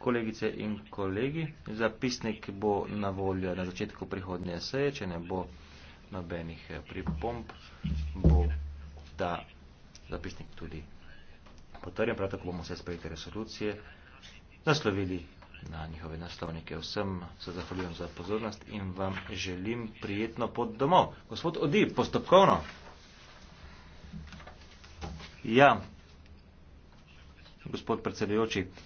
kolegice in kolegi. Zapisnik bo na voljo na začetku prihodnje seje, če ne bo nobenih eh, pripomb, bo ta zapisnik tudi potrjen. Prav tako bomo vse sprejete resolucije naslovili na njihove naslovnike. Vsem se zahvaljujem za pozornost in vam želim prijetno pot domov. Gospod Odi, postopkovno. Ja, gospod predsedujoči,